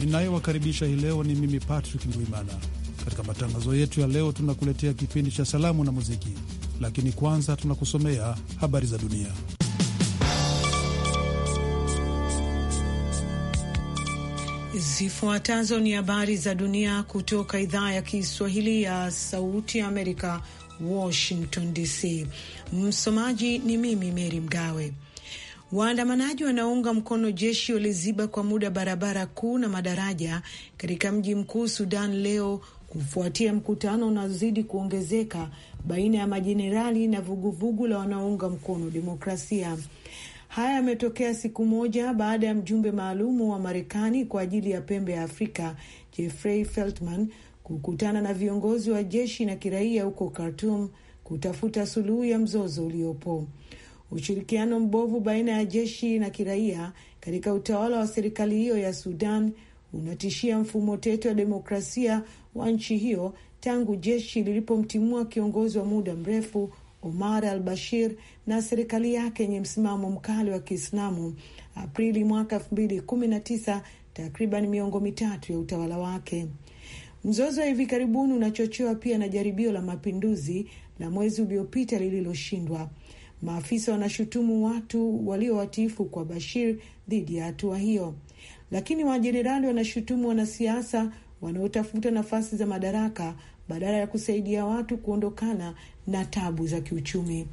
ninayowakaribisha hii leo ni mimi Patrick Ndwimana. Katika matangazo yetu ya leo, tunakuletea kipindi cha salamu na muziki, lakini kwanza tunakusomea habari za dunia. Zifuatazo ni habari za dunia kutoka idhaa ya Kiswahili ya Sauti ya Amerika, Washington DC. Msomaji ni mimi mery Mgawe. Waandamanaji wanaounga mkono jeshi waliziba kwa muda barabara kuu na madaraja katika mji mkuu Sudan leo kufuatia mkutano unaozidi kuongezeka baina ya majenerali na vuguvugu la wanaounga mkono demokrasia. Haya yametokea siku moja baada ya mjumbe maalumu wa Marekani kwa ajili ya pembe ya Afrika Jeffrey Feltman kukutana na viongozi wa jeshi na kiraia huko khartum kutafuta suluhu ya mzozo uliopo ushirikiano mbovu baina ya jeshi na kiraia katika utawala wa serikali hiyo ya Sudan unatishia mfumo tete wa demokrasia wa nchi hiyo tangu jeshi lilipomtimua kiongozi wa muda mrefu Omar al Bashir na serikali yake yenye msimamo mkali wa Kiislamu Aprili mwaka elfu mbili kumi na tisa, takriban miongo mitatu ya utawala wake. Mzozo wa hivi karibuni unachochewa pia na jaribio la mapinduzi la mwezi uliopita lililoshindwa Maafisa wanashutumu watu waliowatiifu kwa Bashir dhidi ya hatua hiyo, lakini majenerali wanashutumu wanasiasa wanaotafuta nafasi za madaraka badala ya kusaidia watu kuondokana na tabu za kiuchumi.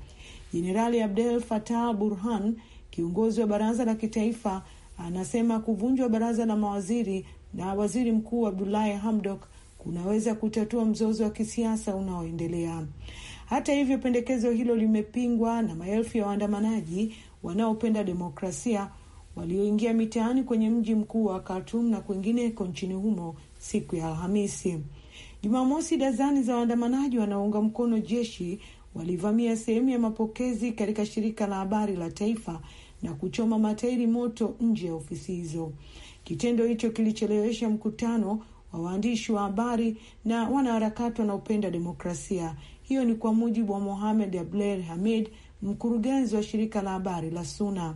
Jenerali Abdel Fattah Burhan, kiongozi wa baraza la kitaifa, anasema kuvunjwa baraza la mawaziri na waziri mkuu Abdulahi Hamdok kunaweza kutatua mzozo wa kisiasa unaoendelea. Hata hivyo, pendekezo hilo limepingwa na maelfu ya waandamanaji wanaopenda demokrasia walioingia mitaani kwenye mji mkuu wa Khartoum na kwingineko nchini humo siku ya Alhamisi. Jumamosi, dazani za waandamanaji wanaounga mkono jeshi walivamia sehemu ya mapokezi katika shirika la habari la taifa na kuchoma matairi moto nje ya ofisi hizo. Kitendo hicho kilichelewesha mkutano wa waandishi wa habari na wanaharakati wanaopenda demokrasia hiyo ni kwa mujibu wa Mohamed Abler Hamid, mkurugenzi wa shirika la habari la SUNA.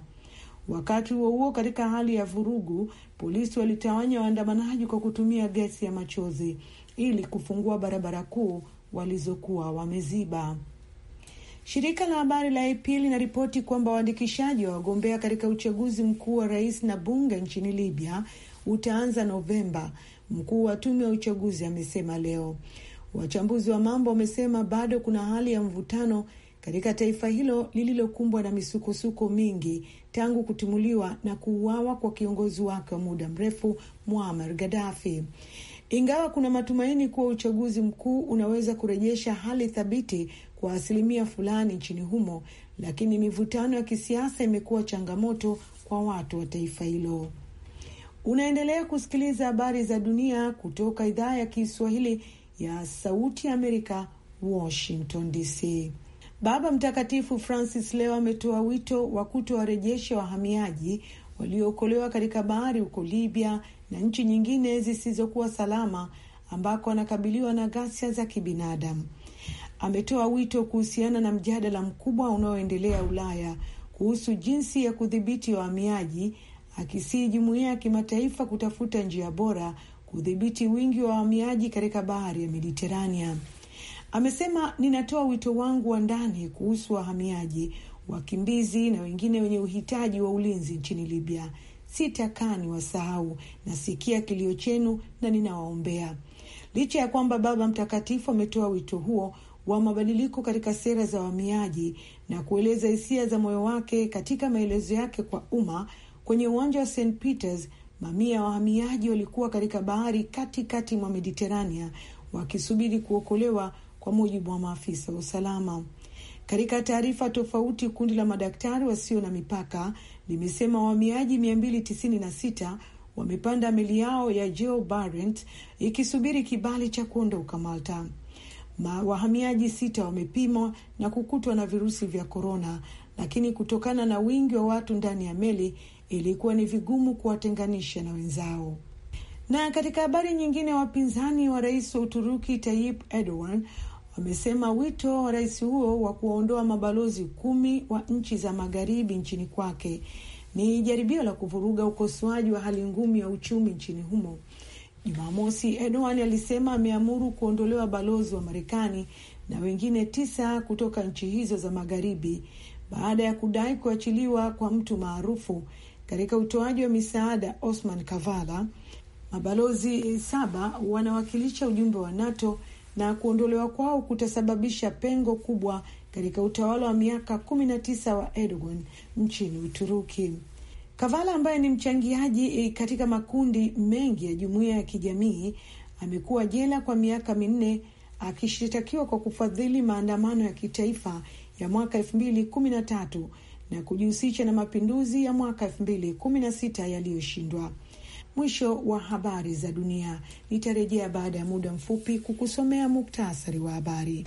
Wakati huo huo, katika hali ya vurugu, polisi walitawanya waandamanaji kwa kutumia gesi ya machozi ili kufungua barabara kuu walizokuwa wameziba. Shirika la habari la AP linaripoti kwamba waandikishaji wa wagombea katika uchaguzi mkuu wa rais na bunge nchini Libya utaanza Novemba, mkuu wa tume ya uchaguzi amesema leo. Wachambuzi wa mambo wamesema bado kuna hali ya mvutano katika taifa hilo lililokumbwa na misukosuko mingi tangu kutimuliwa na kuuawa kwa kiongozi wake wa muda mrefu Muammar Gaddafi. Ingawa kuna matumaini kuwa uchaguzi mkuu unaweza kurejesha hali thabiti kwa asilimia fulani nchini humo, lakini mivutano ya kisiasa imekuwa changamoto kwa watu wa taifa hilo. Unaendelea kusikiliza habari za dunia kutoka idhaa ya Kiswahili ya Sauti ya Amerika, Washington DC. Baba Mtakatifu Francis leo ametoa wito wa kutowarejesha wahamiaji waliookolewa katika bahari huko Libya na nchi nyingine zisizokuwa salama ambako anakabiliwa na ghasia za kibinadamu. Ametoa wito kuhusiana na mjadala mkubwa unaoendelea Ulaya kuhusu jinsi ya kudhibiti wahamiaji, akisii jumuiya ya kimataifa kutafuta njia bora kudhibiti wingi wa wahamiaji katika bahari ya Mediterania. Amesema, ninatoa wito wangu wa ndani kuhusu wahamiaji, wakimbizi na wengine wenye uhitaji wa ulinzi nchini Libya. Sitakaa wasahau Nasikia kilio chenu na ninawaombea. Licha ya kwamba Baba Mtakatifu ametoa wito huo wa mabadiliko katika sera za wahamiaji na kueleza hisia za moyo wake katika maelezo yake kwa umma kwenye uwanja wa St Peters Mamia ya wahamiaji walikuwa katika bahari katikati mwa Mediterania wakisubiri kuokolewa, kwa mujibu wa maafisa wa usalama. Katika taarifa tofauti, kundi la madaktari wasio na mipaka limesema wahamiaji 296 wamepanda meli yao ya Joe Barent ikisubiri kibali cha kuondoka Malta. Ma, wahamiaji sita wamepimwa na kukutwa na virusi vya korona, lakini kutokana na wingi wa watu ndani ya meli ilikuwa ni vigumu kuwatenganisha na wenzao. Na katika habari nyingine, wapinzani wa rais wa Uturuki Tayyip Erdogan wamesema wito wa rais huo wa kuwaondoa mabalozi kumi wa nchi za magharibi nchini kwake ni jaribio la kuvuruga ukosoaji wa hali ngumu ya uchumi nchini humo Jumamosi, Erdogan alisema ameamuru kuondolewa balozi wa Marekani na wengine tisa kutoka nchi hizo za magharibi baada ya kudai kuachiliwa kwa mtu maarufu katika utoaji wa misaada Osman Kavala. Mabalozi saba wanawakilisha ujumbe wa NATO na kuondolewa kwao kutasababisha pengo kubwa katika utawala wa miaka 19 wa Erdogan nchini Uturuki. Kavala ambaye ni mchangiaji eh, katika makundi mengi ya jumuiya ya kijamii amekuwa jela kwa miaka minne akishitakiwa kwa kufadhili maandamano ya kitaifa ya mwaka elfu mbili kumi na tatu na kujihusisha na mapinduzi ya mwaka elfu mbili kumi na sita yaliyoshindwa. Mwisho wa habari za dunia. Nitarejea baada ya muda mfupi kukusomea muktasari wa habari.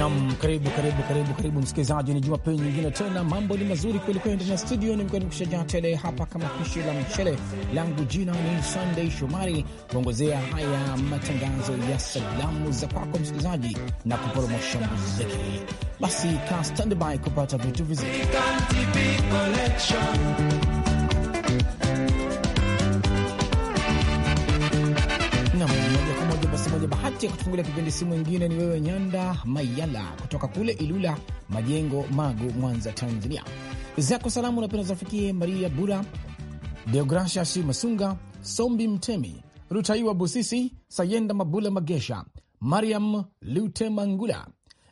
Nam, karibu karibu karibu karibu msikilizaji, ni jumapili nyingine tena, mambo ni mazuri kwelikweli ndani ya studio, nimekushajaa tele hapa kama pishi la mchele langu. Jina ni Sunday Shomari, kuongozea haya matangazo ya salamu za kwako msikilizaji na kuporomosha muziki. Basi ka standby kupata vitu vizuri bahati kutufungulia kipindi Simu ingine ni wewe Nyanda Mayala kutoka kule Ilula Majengo, Magu, Mwanza, Tanzania. Zako salamu napenda zafikie Maria Bura, Deogracia Si Masunga, Sombi Mtemi, Rutaiwa Busisi, Sayenda Mabula Magesha, Mariam Lute Mangula,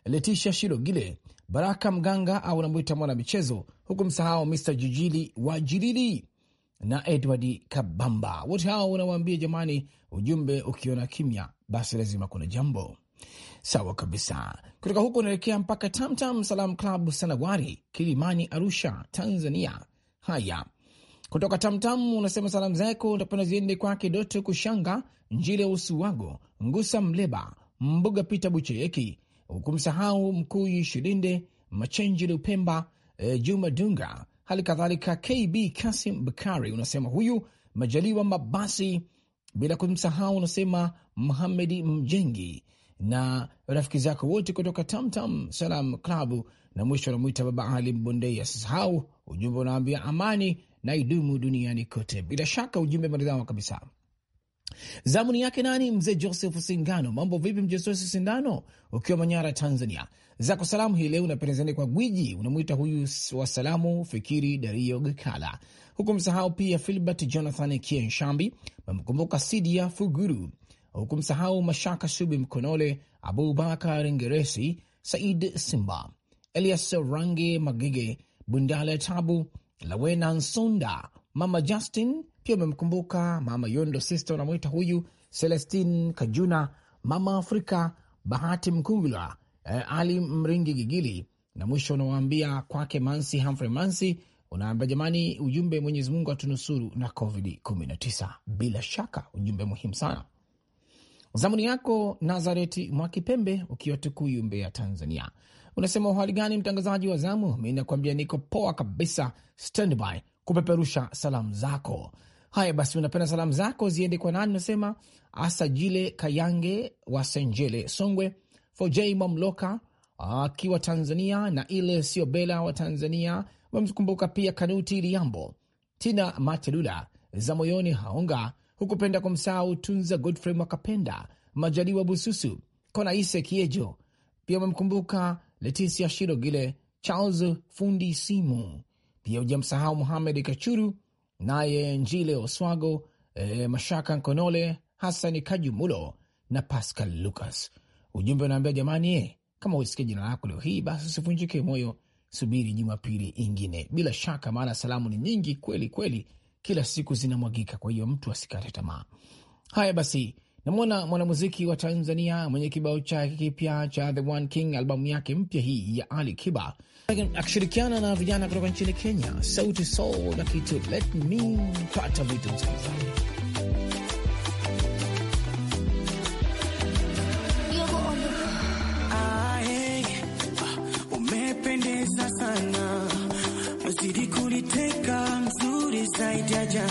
Letisha Shirogile, Baraka Mganga au namwita mwana michezo, huku msahau Mr Jijili wa Jirili na Edward Kabamba. Wote hao unawaambia jamani, ujumbe ukiona kimya basi lazima kuna jambo sawa kabisa. Kutoka huko unaelekea mpaka Tamtam -tam Salam Club Sanawari, Kilimani, Arusha, Tanzania. Haya, kutoka Tamtam -tam, unasema salamu zako utapenda ziende kwake Doto Kushanga, Njile Usuwago, Ngusa Mleba, Mbuga Pita Bucheyeki, ukumsahau Mkuyi Shilinde, Machenji Lupemba, e, Juma Dunga, hali kadhalika KB Kasim Bakari. Unasema huyu Majaliwa Mabasi bila kumsahau unasema Muhamedi Mjengi na rafiki zako wote kutoka Tamtam Salam Klabu, na mwisho anamwita Baba Ali Mbondei. Asisahau ujumbe unaambia amani na idumu duniani kote. Bila shaka ujumbe maridhawa kabisa. Zamuni yake nani? Mzee Joseph singano mambo vipi mzee Joseph ukiwa Manyara, Tanzania? zako salamu hii leo unapendezani kwa gwiji, unamwita huyu wa salamu Fikiri Dario Gakala, huku msahau pia Filbert Jonathan Kienshambi, mamkumbuka Sidia Fuguru, huku msahau Mashaka Subi Mkonole, Abubakar Ngeresi, Said Simba, Elias Range Magige, Bundale Tabu, Lawena Nsunda, Mama Justin pia umemkumbuka Mama Yondo Sister, unamwita huyu Celestin Kajuna, Mama Afrika, Bahati Mkungula eh, Ali Mringi Gigili. Na mwisho unawaambia kwake Mansi Humphrey Mansi, unaambia jamani, ujumbe Mwenyezi Mungu atunusuru na Covid 19. Bila shaka ujumbe muhimu sana. Zamuni yako Nazareti Mwakipembe ukiwa Tukuyu, Mbeya, Tanzania, unasema uhali gani mtangazaji wa zamu? Mi nakuambia niko poa kabisa, standby kupeperusha salamu zako. Haya basi, unapenda salamu zako ziende kwa nani? Unasema Asajile Kayange wa Senjele, Songwe, Fojei Mamloka ah, akiwa Tanzania na ile sio bela wa Tanzania wamemkumbuka pia Kanuti Liambo, Tina Matelula za moyoni Haonga, hukupenda kumsahau Tunza Godfrey Mwakapenda, Majaliwa Bususu, Konaise Kiejo. Pia wamemkumbuka Leticia Shirogile, Charles Fundi Simu, pia hujamsahau Muhamed Kachuru naye Njile Oswago, e, Mashaka Nkonole, Hasani Kajumulo na Pascal Lucas. Ujumbe unaambia jamani, eh, kama usikia jina lako leo hii, basi usivunjike moyo, subiri Jumapili ingine. Bila shaka, maana salamu ni nyingi kweli kweli, kila siku zinamwagika, kwa hiyo mtu asikate tamaa. Haya basi, namwona mwanamuziki wa Tanzania mwenye kibao chake kipya cha The One King, albamu yake mpya hii ya Ali Kiba akishirikiana na vijana kutoka nchini Kenya, Sauti Sol na kitu let me pata vitu msikilizaji kuja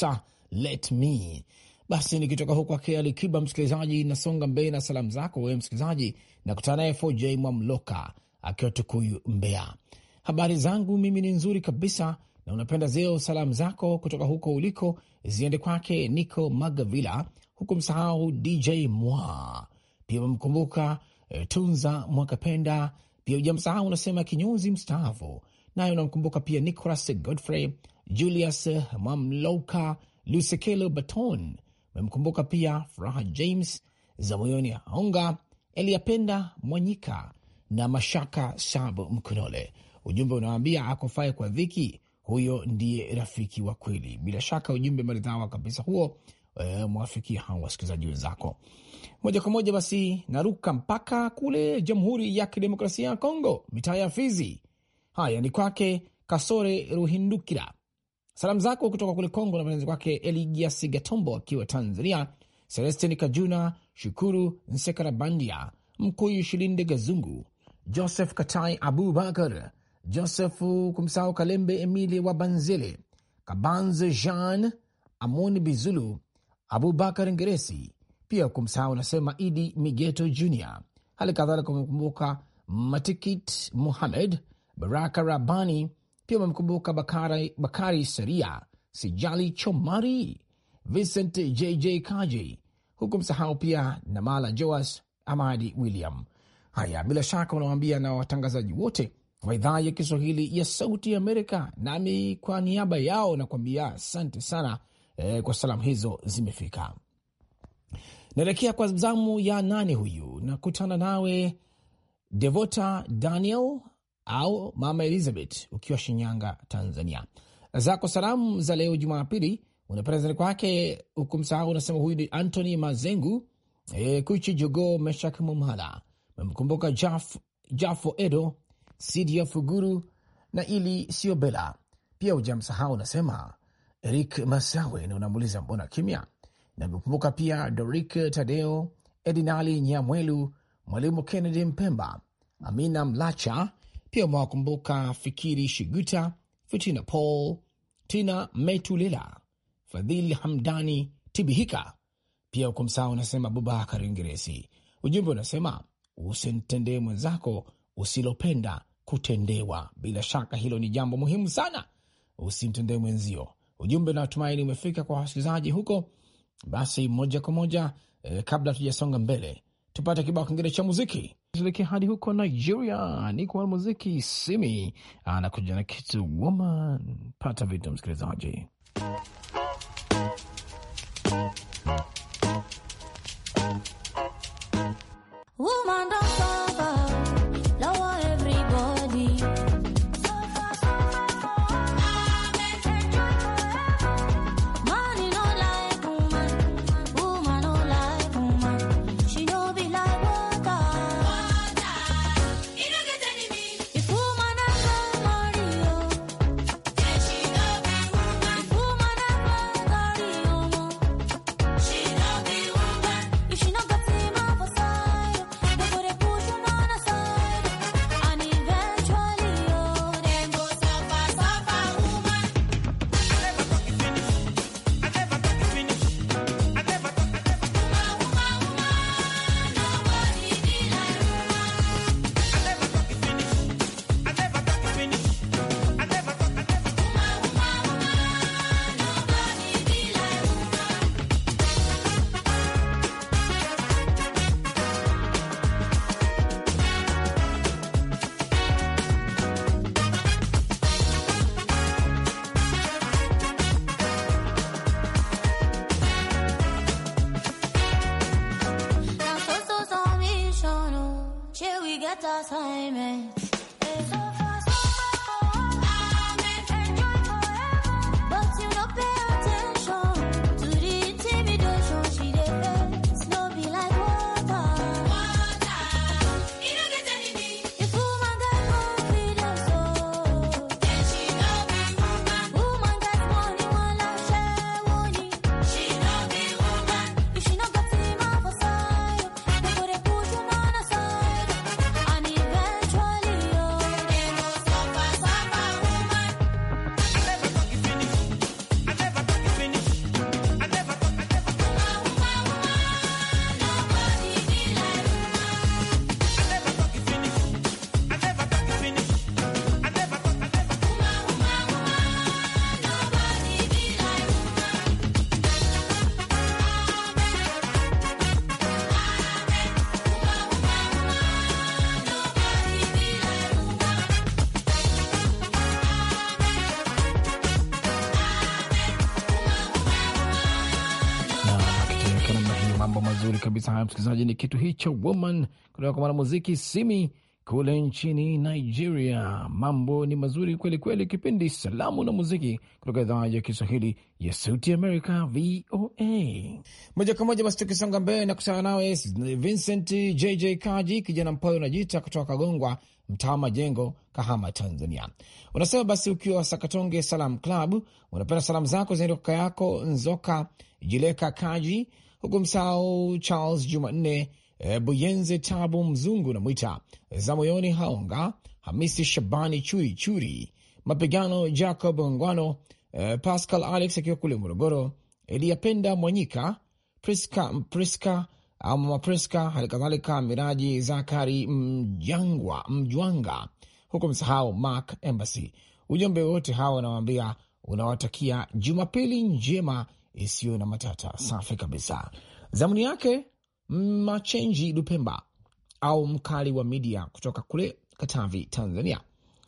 kabisa let me. Basi nikitoka huko kwake Alikiba msikilizaji, nasonga mbele na salamu zako wewe msikilizaji, nakutana naye FJ Mwamloka akiwa Tukuyu, Mbeya. Habari zangu mimi ni nzuri kabisa, na unapenda zeo salamu zako kutoka huko uliko ziende kwake Nico Magavila, huku msahau DJ Mwa, pia umemkumbuka e, Tunza Mwakapenda, pia ujamsahau unasema kinyozi mstaafu, naye unamkumbuka pia Nicolas Godfrey Julius Mamlouka Lusekelo Baton. Memkumbuka pia Furaha James za moyoni Aonga, Eliapenda Mwanyika na Mashaka Sabu Mkonole. Ujumbe unawambia akofae kwa dhiki, huyo ndiye rafiki wa kweli. Bila shaka ujumbe maridhawa kabisa huo. E, mwafiki hao wasikilizaji wenzako moja kwa moja. Basi naruka mpaka kule Jamhuri ya Kidemokrasia ya Kongo, mitaa ya Fizi. Haya ni kwake Kasore Ruhindukira Salamu zako kutoka kule Kongo na penezi kwake Eligiasi Gatombo akiwa Tanzania, Celestin Kajuna, Shukuru Nsekarabandia, Mkuyu Shilinde Gazungu, Joseph Katai Abubakar, Joseph Kumsao Kalembe, Emili wa banzele Kabanze Jean, Amoni Bizulu, Abubakar Ngeresi, pia Kumsao unasema Idi Migeto Jr. Hali kadhalika umekumbuka Matikit Muhamed, Baraka Rabani, pia wamemkumbuka Bakari, Bakari Sijali Chomari, Vincent JJ Kaji, huku msahau pia Namala Joas, Amadi William. Haya, bila shaka unawaambia na watangazaji wote wa idhaa ya Kiswahili ya Sauti ya Amerika, nami kwa niaba yao nakuambia asante sana eh, kwa salamu hizo zimefika. Naelekea kwa zamu ya nane, huyu nakutana nawe Devota Daniel au Mama Elizabeth ukiwa Shinyanga, Tanzania. Zako salamu za leo Jumapili unaperezani kwake ukumsahau, unasema huyu ni Antony Mazengu e, Kuchi Jogo, Meshak Mumhala, memkumbuka Jaf, Jafo Edo, Sidia Fuguru na Ili Siobela. Pia hujamsahau unasema Erik Masawe na unamuuliza mbona kimya. Namekumbuka pia Dorik Tadeo, Edinali Nyamwelu, Mwalimu Kennedy Mpemba, Amina Mlacha pia umewakumbuka Fikiri Shiguta, Fitina Paul, Tina Metulila, Fadhili Hamdani Tibihika, pia ukumsahau unasema Abubakar Ngeresi. Ujumbe unasema usimtendee mwenzako usilopenda kutendewa. Bila shaka hilo ni jambo muhimu sana, usimtendee mwenzio. Ujumbe natumaini umefika kwa wasikilizaji huko. Basi moja kwa moja eh, kabla tujasonga mbele, tupate kibao kingine cha muziki. Tuelekea hadi huko Nigeria, ni kwa muziki Simi anakuja na kitu woman. Pata vitu msikilizaji Till we get assignment. msikilizaji, ni kitu hicho woman kutoka kwa mwanamuziki Simi kule nchini Nigeria. Mambo ni mazuri kweli kweli. Kipindi Salamu na Muziki kutoka idhaa ya Kiswahili ya Sauti Amerika, VOA. Moja kwa moja basi, tukisonga mbele na kusana nawe Vincent JJ Kaji, kijana mpayo unajiita kutoka Kagongwa, mtaa Majengo, Kahama, Tanzania. Unasema basi ukiwa Sakatonge Salam Club, unapenda salamu zako zinaenda kaka yako Nzoka Jileka Kaji huku msahau Charles Jumanne e, Buyenze Tabu Mzungu na Mwita za moyoni Haonga Hamisi Shabani Chui Churi mapigano Jacob Ngwano e, Pascal Alex akiwa kule Morogoro, Eliapenda Mwanyika Priska Priska ama Mapriska, hali kadhalika Miraji Zakari Mjangwa Mjwanga, huku msahau Mark Embassy. Ujumbe wote hawa unawaambia unawatakia Jumapili njema isiyo na matata. Safi kabisa. Zamuni yake Machenji Lupemba au mkali wa midia kutoka kule Katavi, Tanzania.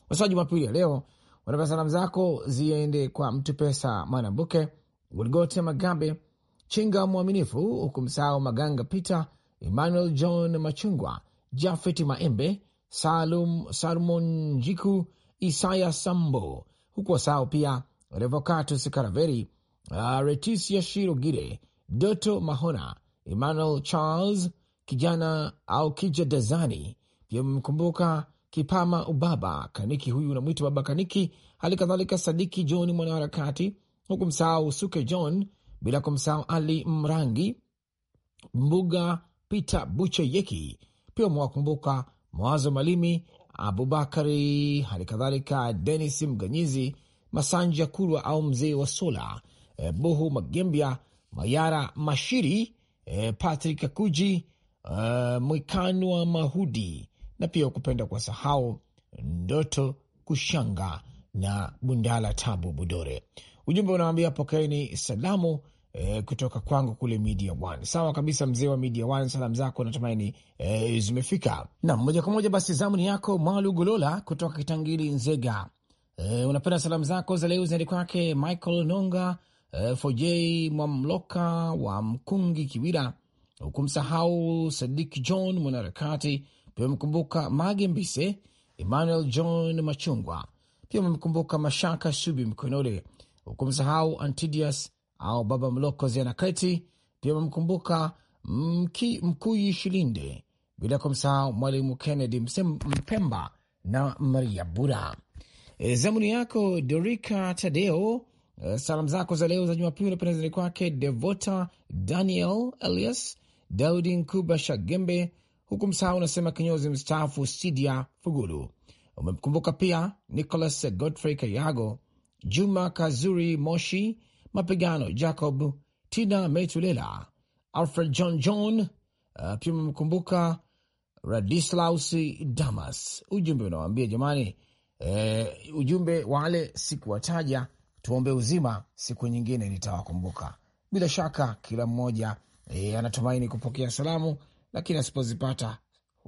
Sasa Jumapili ya leo wanapea salamu zako ziende kwa mtu pesa Mwanambuke, Golgote Magabe, Chinga Mwaminifu, huku msahau Maganga Peter, Emmanuel John Machungwa, Jafeti Maembe, Salum Salmon Njiku, Isaya Sambo, huku wasahau pia Revocatus Karaveri Leticia uh, Shirogire, Doto Mahona, Emmanuel Charles kijana au kija Dazani. Pia mmekumbuka Kipama Ubaba Kaniki, huyu unamwita Baba Kaniki, hali kadhalika Sadiki John mwanaharakati, huku msahau Suke John, bila kumsahau Ali Mrangi Mbuga, Peter Bucheyeki. Pia umewakumbuka Mawazo Malimi, Abubakari, hali kadhalika Denis Mganyizi Masanja Kurwa au mzee wa Sola e, Buhu Magembia, Mayara Mashiri, e, Patrick e, Mwikanu wa Mahudi na pia kupenda kwa sahau Ndoto Kushanga na Bundala Tabu Budore. Ujumbe unaambia pokeeni salamu e, kutoka kwangu kule Media One. Sawa kabisa, mzee wa Media One, salamu zako natumaini e, zimefika. Na moja kwa moja basi zamu ni yako Mwalu Golola kutoka Kitangili, Nzega. E, unapenda salamu zako za leo zinaenda kwake Michael Nonga, uh, eh, Fojei Mwamloka wa Mkungi Kiwira, hukumsahau Sadik John mwanaharakati. Pia amemkumbuka Mage Mbise, Emmanuel John Machungwa. Pia amemkumbuka Mashaka Subi Mkonole, hukumsahau Antidius au Baba Mloko Zianaketi. Pia amemkumbuka Mkuyi Shilinde, bila kumsahau Mwalimu Kennedy Mpemba na Maria Bura. Eh, zamuni yako Dorika Tadeo Eh, salamu zako za leo za Jumapili napendezani kwake Devota Daniel Elias Daudi Nkuba Shagembe, huku msahau unasema kinyozi mstaafu Sidia Fugulu. Umemkumbuka pia Nicholas Godfrey Kayago, Juma Kazuri Moshi, Mapigano Jacob, Tina Metulela, Alfred John John. Uh, pia umemkumbuka Radislaus Damas. Ujumbe unawaambia jamani, eh, ujumbe wale sikuwataja tuombe uzima, siku nyingine nitawakumbuka. Bila shaka kila mmoja e, anatumaini kupokea salamu, lakini asipozipata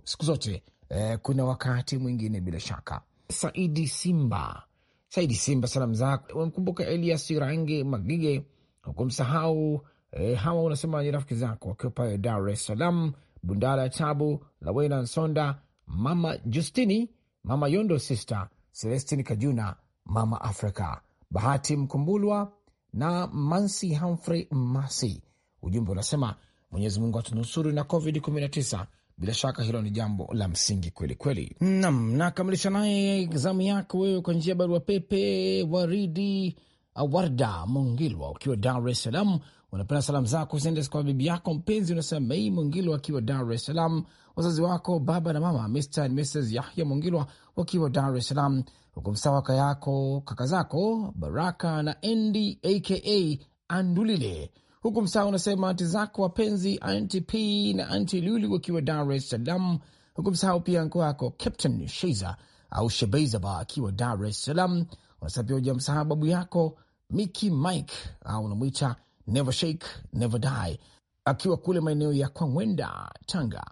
siku zote e, kuna wakati mwingine. Bila shaka Saidi Simba, Saidi Simba, salamu zako wamkumbuka Elias Range Magige, hukumsahau e, hawa unasema ni rafiki zako wakiwa pale Dar es Salaam, Bundala Tabu, Lawena Nsonda, Mama Justini, Mama Yondo, Sister Celestin Kajuna, Mama Africa Bahati Mkumbulwa na Mansi Humphrey masi Ujumbe unasema Mwenyezi Mungu atunusuru na COVID-19. Bila shaka hilo ni jambo la msingi kweli kweli. Nam, nakamilisha naye zamu yako wewe kwa njia ya barua pepe. Waridi Awarda Mungilwa ukiwa Dar es Salaam Unapenda salamu zako ziende kwa bibi yako mpenzi, unasema Mei Mwingilwa akiwa Dar es Salaam, wazazi wako baba na mama Mr and Mrs Yahya Mwingilwa wakiwa Dar es Salaam, hukumsaa kaka yako kaka zako Baraka na Endi aka Andulile huku msaa unasema anti zako wapenzi anti P na anti Luli wakiwa Dar es Salaam. Huku msahau pia nko wako Captain Sheiza au Shebeizaba akiwa Dar es Salaam. Unasema pia uja msahau babu yako Miki Mike au unamwita Never Shake Never Die akiwa kule maeneo ya Kwangwenda, Tanga,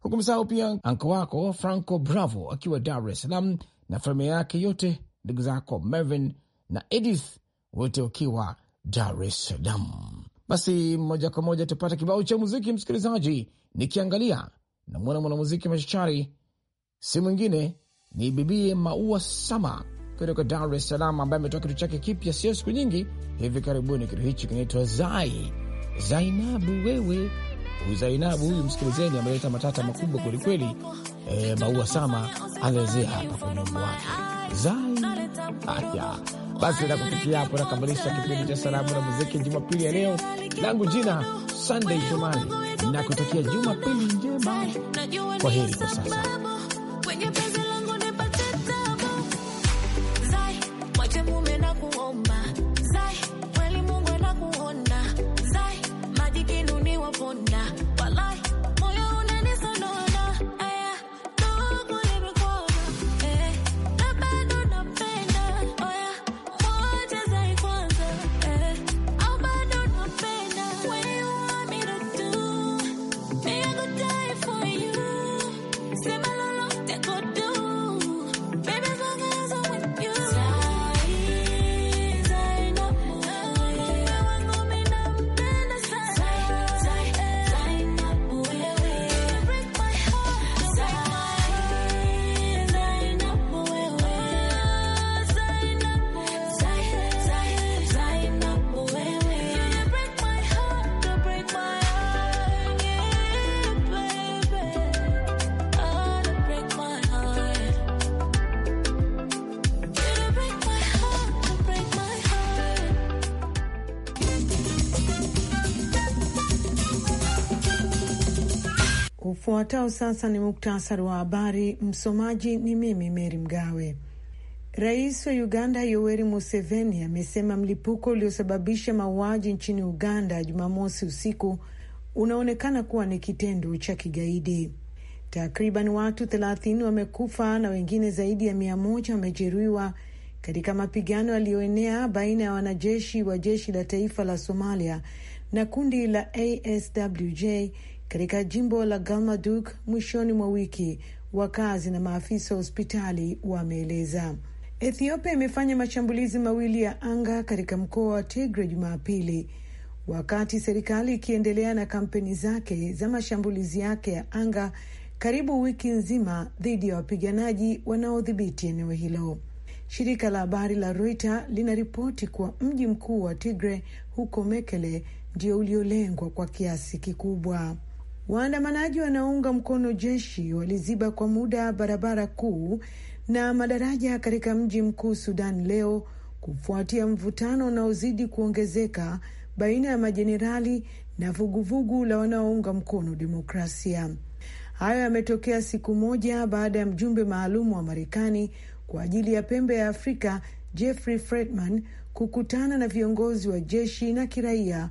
huku msahau pia anko wako Franco Bravo akiwa Dar es Salaam na familia yake yote, ndugu zako Mervin na Edith wote wakiwa Dar es Salaam. Basi moja kwa moja tupata kibao cha muziki, msikilizaji. Nikiangalia namwona mwanamuziki mashichari si mwingine ni bibie Maua Sama kutoka Dar es Salaam, ambaye ametoa kitu chake kipya sio siku nyingi hivi karibuni. Kitu hichi kinaitwa Zai Zainabu wewe Zainabu huyu msikilizeni, ameleta matata makubwa kwelikweli. E, Maua Sama alezea hapa kwenye wimbo wake Zai. aya basi, kufikia hapo nakamilisha kipindi cha salamu na muziki Jumapili ya leo. Langu jina Sunday Shomari, nakutakia Jumapili njema. Kwa heri kwa sasa. Ufuatao sasa ni muktasari wa habari. Msomaji ni mimi Meri Mgawe. Rais wa Uganda Yoweri Museveni amesema mlipuko uliosababisha mauaji nchini Uganda Jumamosi usiku unaonekana kuwa ni kitendo cha kigaidi. Takriban watu 30 wamekufa na wengine zaidi ya mia moja wamejeruhiwa katika mapigano yaliyoenea baina ya wanajeshi wa jeshi la taifa la Somalia na kundi la ASWJ katika jimbo la galmaduk mwishoni mwa wiki, wakazi na maafisa wa hospitali wameeleza. Ethiopia imefanya mashambulizi mawili ya anga katika mkoa wa Tigre Jumapili, wakati serikali ikiendelea na kampeni zake za mashambulizi yake ya anga karibu wiki nzima dhidi ya wapiganaji wanaodhibiti eneo hilo. Shirika la habari la Reuters linaripoti kuwa mji mkuu wa Tigre huko Mekele ndio uliolengwa kwa kiasi kikubwa. Waandamanaji wanaounga mkono jeshi waliziba kwa muda barabara kuu na madaraja katika mji mkuu Sudan leo kufuatia mvutano unaozidi kuongezeka baina ya majenerali na vuguvugu la wanaounga mkono demokrasia. Hayo yametokea siku moja baada ya mjumbe maalum wa Marekani kwa ajili ya pembe ya Afrika Jeffrey Fredman kukutana na viongozi wa jeshi na kiraia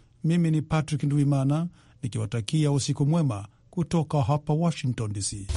mimi ni Patrick Ndwimana nikiwatakia usiku mwema kutoka hapa Washington DC.